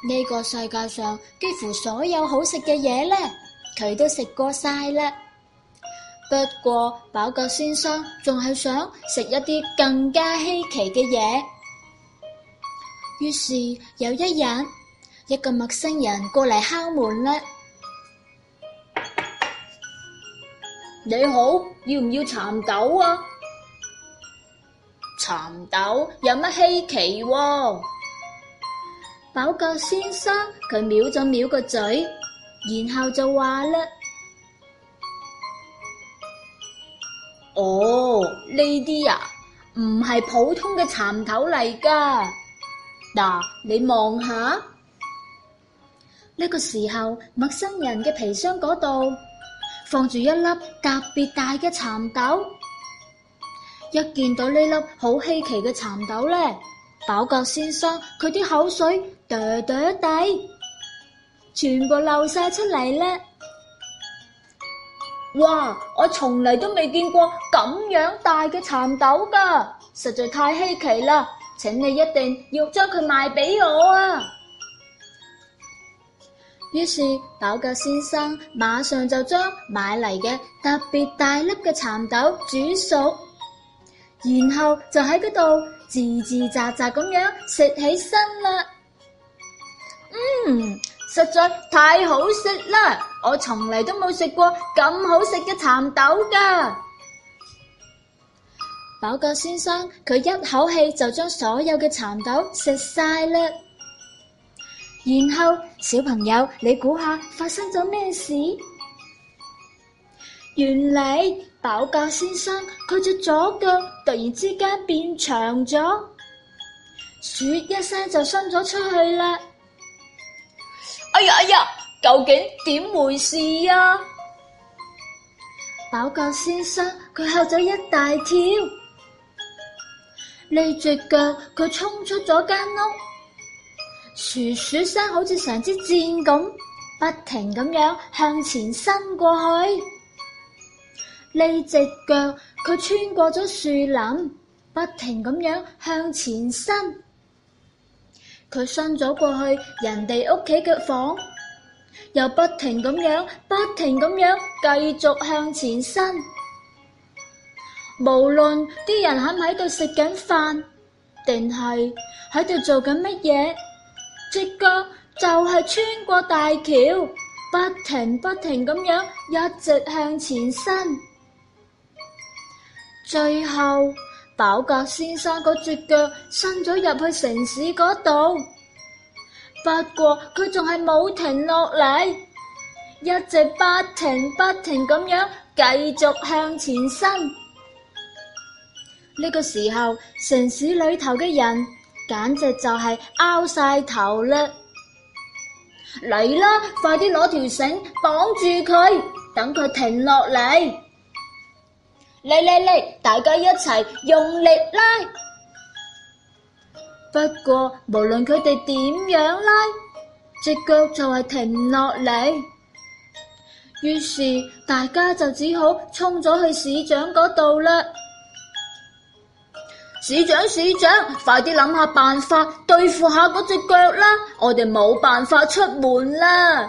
呢個世界上幾乎所有好食嘅嘢咧，佢都食過晒啦。不過飽格先生仲係想食一啲更加稀奇嘅嘢。於是有一日，一個陌生人過嚟敲門啦。你好，要唔要蠶豆啊？蠶豆有乜稀奇喎？啊？狗狗先生佢瞄咗瞄個嘴，然後就話啦：哦，呢啲啊，唔係普通嘅蠶豆嚟噶。嗱，你望下。呢個時候，陌生人嘅皮箱嗰度放住一粒特別大嘅蠶豆。一見到呢粒好稀奇嘅蠶豆咧。飽格先生，佢啲口水嗲嗲哋，全部漏晒出嚟咧！哇，我從嚟都未見過咁樣大嘅蠶豆噶，實在太稀奇啦！請你一定要將佢賣俾我啊！於是飽格先生馬上就將買嚟嘅特別大粒嘅蠶豆煮熟。然後就喺嗰度自自咋咋咁樣食起身啦，嗯，實在太好食啦！我從嚟都冇食過咁好食嘅蠶豆㗎。寶哥先生佢一口氣就將所有嘅蠶豆食晒啦，然後小朋友你估下發生咗咩事？原來飽覺先生佢隻左腳突然之間變長咗，鼠一聲就伸咗出去啦！哎呀哎呀，究竟點回事啊？飽覺先生佢嚇咗一大跳，呢隻腳佢衝出咗間屋，鼠鼠聲好似成支箭咁，不停咁樣向前伸過去。呢隻腳佢穿過咗樹林，不停咁樣向前伸。佢伸咗過去人哋屋企嘅房，又不停咁樣，不停咁樣繼續向前伸。無論啲人喺唔喺度食緊飯，定係喺度做緊乜嘢，隻腳就係穿過大橋，不停不停咁樣一直向前伸。最後，飽格先生嗰隻腳伸咗入去城市嗰度，不過佢仲係冇停落嚟，一直不停不停咁樣繼續向前伸。呢個時候，城市裏頭嘅人簡直就係拗晒頭啦！嚟啦，快啲攞條繩綁住佢，等佢停落嚟。嚟嚟嚟！大家一齊用力拉。 不過無論佢哋點樣拉，隻腳就係停唔落嚟。於是大家就只好衝咗去市長嗰度啦。 市長，市長，快啲諗下辦法對付下嗰隻腳啦！我哋冇辦法出門啦。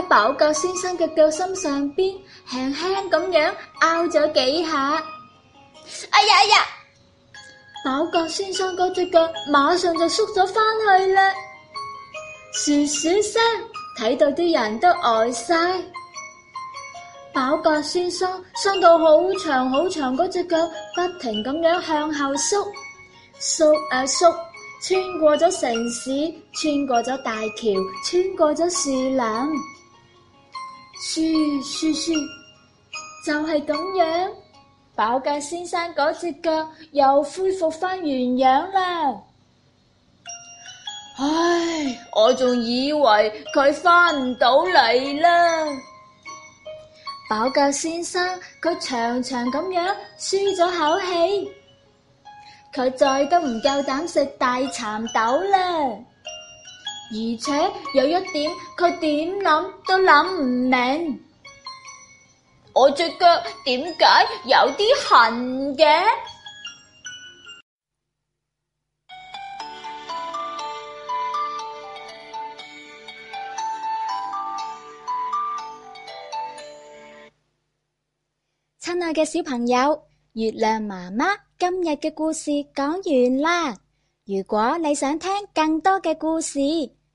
喺飽覺先生嘅腳心上邊輕輕咁樣拗咗幾下，哎呀哎呀！飽覺先生嗰隻腳馬上就縮咗翻去啦。噓噓聲睇到啲人都呆晒，飽覺先生伸到好長好長嗰隻腳，不停咁樣向後縮縮啊縮，穿過咗城市，穿過咗大橋，穿過咗樹林。噓噓噓，就係、是、咁樣，飽架先生嗰隻腳又恢復翻原樣啦。唉，我仲以為佢翻唔到嚟啦。飽架先生佢長長咁樣舒咗口氣，佢再都唔夠膽食大蠶豆啦。而且，有一點，佢點諗都諗唔明，我隻腳點解有啲痕嘅？親愛嘅小朋友，月亮媽媽今日嘅故事講完啦。如果你想聽更多嘅故事，